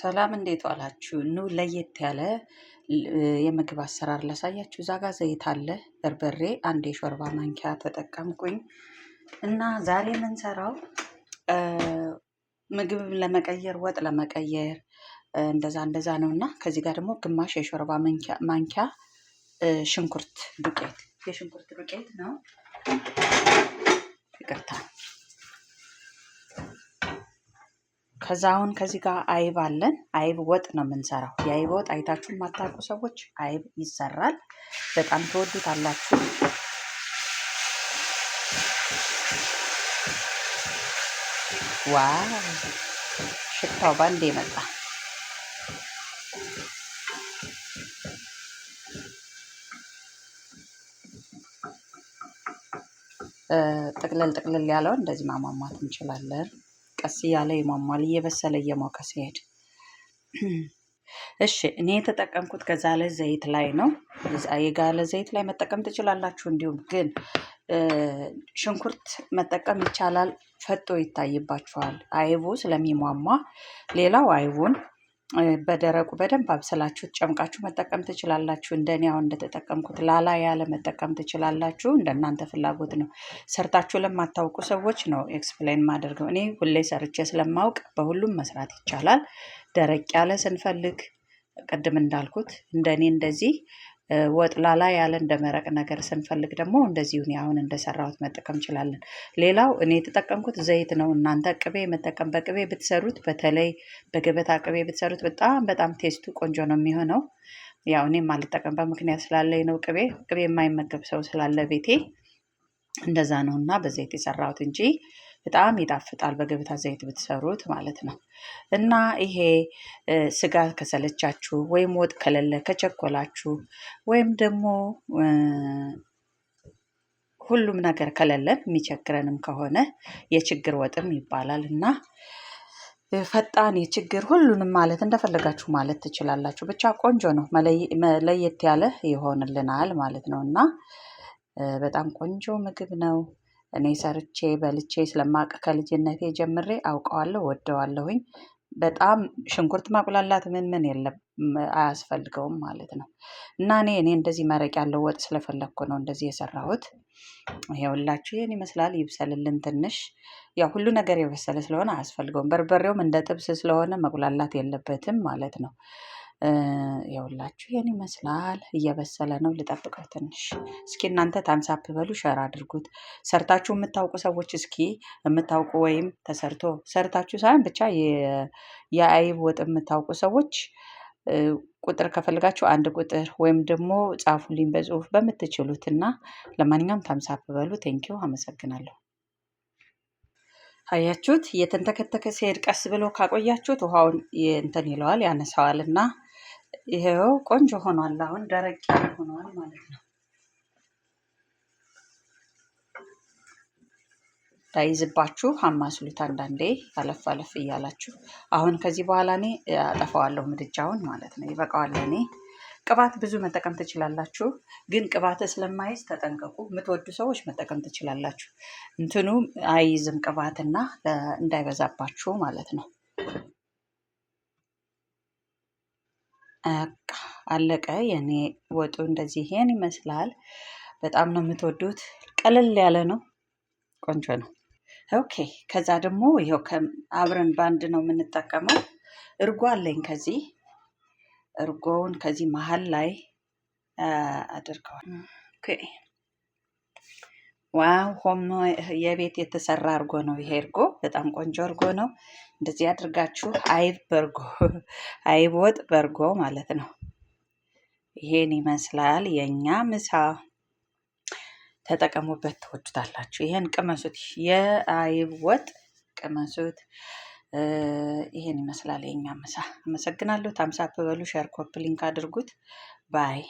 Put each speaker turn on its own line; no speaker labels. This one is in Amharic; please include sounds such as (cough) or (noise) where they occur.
ሰላም እንዴት ዋላችሁ? ኑ ለየት ያለ የምግብ አሰራር ላሳያችሁ። እዛ ጋ ዘይት አለ፣ በርበሬ አንድ የሾርባ ማንኪያ ተጠቀምኩኝ እና ዛሬ የምንሰራው ምግብ ለመቀየር ወጥ ለመቀየር እንደዛ እንደዛ ነው እና ከዚህ ጋር ደግሞ ግማሽ የሾርባ ማንኪያ ሽንኩርት ዱቄት የሽንኩርት ዱቄት ነው። ይቅርታ ከዛ አሁን ከዚህ ጋር አይብ አለን። አይብ ወጥ ነው የምንሰራው። የአይብ ወጥ አይታችሁ የማታውቁ ሰዎች አይብ ይሰራል፣ በጣም ትወዱታላችሁ። ዋው ሽታው ባንዴ መጣ። ጥቅልል ጥቅልል ያለውን እንደዚህ ማሟሟት እንችላለን። ቀስ እያለ ይሟሟል፣ እየበሰለ እየሞቀ ሲሄድ። እሺ እኔ የተጠቀምኩት ከዛለ ዘይት ላይ ነው። የጋለ ዘይት ላይ መጠቀም ትችላላችሁ። እንዲሁም ግን ሽንኩርት መጠቀም ይቻላል። ፈጦ ይታይባችኋል፣ አይቡ ስለሚሟሟ። ሌላው አይቡን በደረቁ በደንብ አብስላችሁ ጨምቃችሁ መጠቀም ትችላላችሁ። እንደኔ አሁን እንደተጠቀምኩት ላላ ያለ መጠቀም ትችላላችሁ። እንደእናንተ ፍላጎት ነው። ሰርታችሁ ለማታውቁ ሰዎች ነው ኤክስፕሌን ማደርገው። እኔ ሁሌ ሰርቼ ስለማውቅ በሁሉም መስራት ይቻላል። ደረቅ ያለ ስንፈልግ ቅድም እንዳልኩት እንደኔ እንደዚህ ወጥ ላላ ያለ እንደ መረቅ ነገር ስንፈልግ ደግሞ እንደዚሁ እኔ አሁን እንደሰራሁት መጠቀም እንችላለን። ሌላው እኔ የተጠቀምኩት ዘይት ነው። እናንተ ቅቤ መጠቀም በቅቤ ብትሰሩት በተለይ በገበታ ቅቤ ብትሰሩት በጣም በጣም ቴስቱ ቆንጆ ነው የሚሆነው። ያው እኔም አልጠቀምበት ምክንያት ስላለኝ ነው። ቅቤ ቅቤ የማይመገብ ሰው ስላለ ቤቴ እንደዛ ነው እና በዘይት የሰራሁት እንጂ በጣም ይጣፍጣል በገበታ ዘይት ብትሰሩት ማለት ነው። እና ይሄ ስጋ ከሰለቻችሁ ወይም ወጥ ከሌለ ከቸኮላችሁ ወይም ደግሞ ሁሉም ነገር ከሌለን የሚቸግረንም ከሆነ የችግር ወጥም ይባላል እና ፈጣን የችግር ሁሉንም ማለት እንደፈለጋችሁ ማለት ትችላላችሁ። ብቻ ቆንጆ ነው፣ ለየት ያለ ይሆንልናል ማለት ነው እና በጣም ቆንጆ ምግብ ነው። እኔ ሰርቼ በልቼ ስለማቅ ከልጅነቴ ጀምሬ አውቀዋለሁ ወደዋለሁኝ። በጣም ሽንኩርት ማቁላላት ምን ምን የለም አያስፈልገውም ማለት ነው። እና እኔ እኔ እንደዚህ መረቅ ያለው ወጥ ስለፈለኩ ነው እንደዚህ የሰራሁት። ይሄውላችሁ ይህን ይመስላል ይብሰልልን ትንሽ ያው ሁሉ ነገር የበሰለ ስለሆነ አያስፈልገውም በርበሬውም እንደ ጥብስ ስለሆነ መቁላላት የለበትም ማለት ነው። የውላችሁ ይሄን ይመስላል። እየበሰለ ነው። ልጠብቀው ትንሽ። እስኪ እናንተ ታምሳፕ በሉ፣ ሸር አድርጉት። ሰርታችሁ የምታውቁ ሰዎች እስኪ የምታውቁ ወይም ተሰርቶ ሰርታችሁ ሳይሆን ብቻ የአይብ ወጥ የምታውቁ ሰዎች ቁጥር ከፈልጋችሁ አንድ ቁጥር ወይም ደግሞ ጻፉልኝ በጽሁፍ በምትችሉት እና ለማንኛውም ታምሳፕ በሉ። ቴንኪው አመሰግናለሁ። አያችሁት? የተንተከተከ ሲሄድ ቀስ ብሎ ካቆያችሁት ውሃውን እንትን ይለዋል ያነሳዋል እና ይሄው ቆንጆ ሆኗል። አሁን ደረቅ ያለ ሆኗል ማለት ነው። እንዳይዝባችሁ አማስሉት አንዳንዴ አለፍ አለፍ እያላችሁ። አሁን ከዚህ በኋላ እኔ አጠፋዋለሁ ምድጃውን ማለት ነው። ይበቃዋል ለእኔ። ቅባት ብዙ መጠቀም ትችላላችሁ፣ ግን ቅባት ስለማይዝ ተጠንቀቁ። የምትወዱ ሰዎች መጠቀም ትችላላችሁ። እንትኑ አይዝም ቅባትና እንዳይበዛባችሁ ማለት ነው። አለቀ። የኔ ወጡ እንደዚህ ይሄን ይመስላል። በጣም ነው የምትወዱት። ቀለል ያለ ነው፣ ቆንጆ ነው። ኦኬ ከዛ ደግሞ ይኸው አብረን ባንድ ነው የምንጠቀመው። እርጎ አለኝ ከዚህ እርጎውን ከዚህ መሀል ላይ አድርገዋል። ኦኬ ዋው ሆም የቤት የተሰራ እርጎ ነው። ይሄ እርጎ በጣም ቆንጆ እርጎ ነው። እንደዚህ አድርጋችሁ አይብ በርጎ (laughs) አይብ ወጥ በርጎ ማለት ነው። ይሄን ይመስላል የእኛ ምሳ። ተጠቀሙበት፣ ትወዱታላችሁ። ይሄን ቅመሱት፣ የአይብ ወጥ ቅመሱት። ይሄን ይመስላል የእኛ ምሳ። አመሰግናለሁ። ታምሳ በበሉ ሸር ኮፕ ሊንክ አድርጉት። ባይ